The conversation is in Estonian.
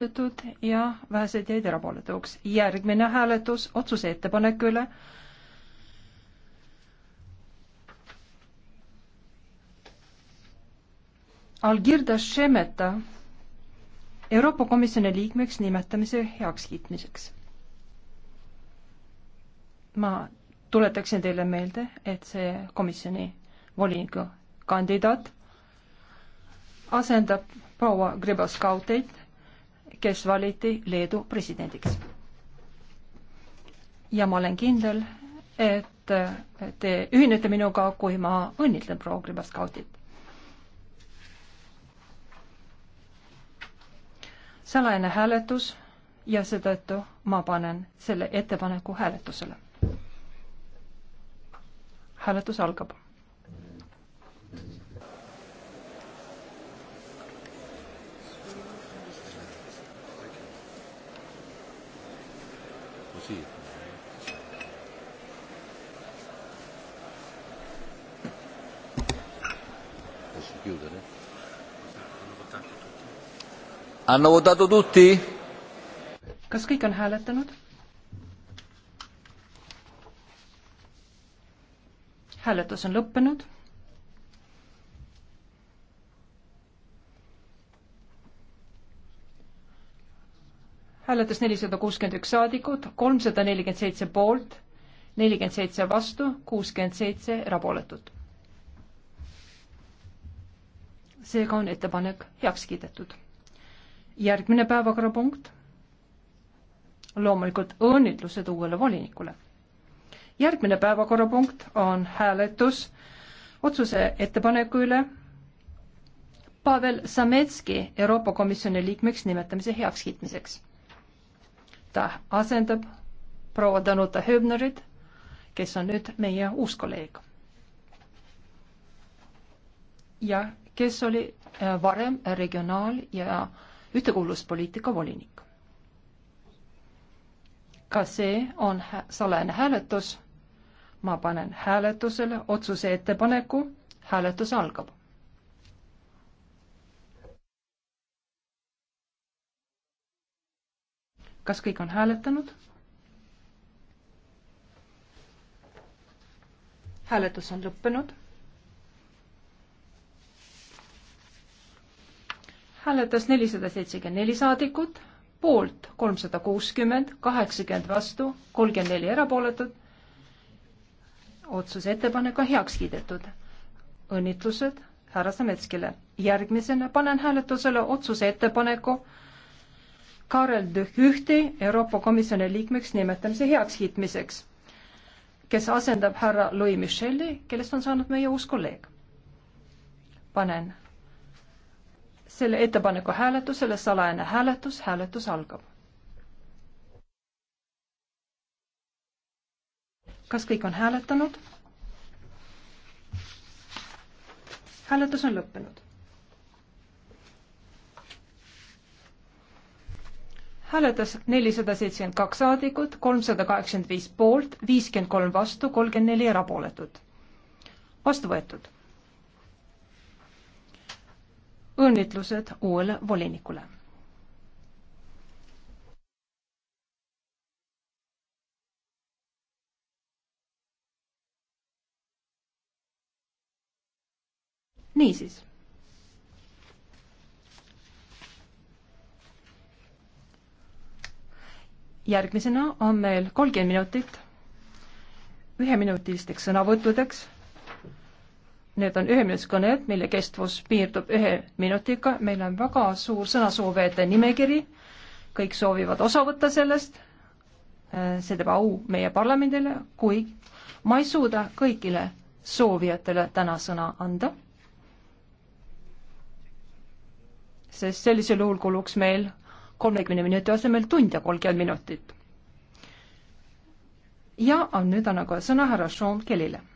erapooletud ja vähesed jäid erapooletuks. järgmine hääletus otsuse ettepaneku üle. Algirda Šemeta Euroopa Komisjoni liikmeks nimetamise heakskiitmiseks. ma tuletaksin teile meelde, et see komisjoni voliniku kandidaat asendab proua Gribaskauteid kes valiti Leedu presidendiks. ja ma olen kindel, et te ühinete minuga, kui ma õnnitlen proua Kribaskautit. salajane hääletus ja seetõttu ma panen selle ettepaneku hääletusele. hääletus algab così. Posso chiudere? ¿eh? Hanno votato tutti? Kas kõik on hääletanud? hääletus on lõppenud hääletas nelisada kuuskümmend üks saadikut, kolmsada nelikümmend seitse poolt, nelikümmend seitse vastu, kuuskümmend seitse erapooletut. seega on ettepanek heaks kiidetud. järgmine päevakorrapunkt. loomulikult õnnitlused uuele volinikule. järgmine päevakorrapunkt on hääletus otsuse ettepaneku üle Pavel Sametski Euroopa Komisjoni liikmeks nimetamise heakskiitmiseks ta asendab proua Danuta Höbnerit, kes on nüüd meie uus kolleeg. ja kes oli äh, varem regionaal- ja ühtekuuluvuspoliitika volinik. ka see on salajane hääletus. ma panen hääletusele otsuse ettepaneku, hääletus algab kas kõik on hääletanud? hääletus on lõppenud. hääletas nelisada seitsekümmend neli saadikut, poolt kolmsada kuuskümmend, kaheksakümmend vastu, kolmkümmend neli erapooletut. otsuse ettepanek on heaks kiidetud. õnnitlused härra Sametskile. järgmisena panen hääletusele otsuse ettepaneku Karel de Hühti Euroopa Komisjoni liikmeks nimetamise heakskiitmiseks, kes asendab härra Louis Michel'i, kellest on saanud meie uus kolleeg. panen selle ettepaneku hääletusele, salajane hääletus, hääletus algab. kas kõik on hääletanud? hääletus on lõppenud. hääletas nelisada seitsekümmend kaks saadikut, kolmsada kaheksakümmend viis poolt, viiskümmend kolm vastu, kolmkümmend neli erapooletut. vastu võetud. õnnitlused uuele volinikule. niisiis järgmisena on meil kolmkümmend minutit üheminutilisteks sõnavõttudeks. Need on üheminutilised kõned, mille kestvus piirdub ühe minutiga, meil on väga suur sõnasoovijate nimekiri, kõik soovivad osa võtta sellest, see teeb au meie parlamendile, kuid ma ei suuda kõigile soovijatele täna sõna anda. sest sellisel juhul kuluks meil kolmekümne minuti asemel tund ja kolmkümmend minutit. ja on nüüd annan kohe sõna härra Sean Kellyle.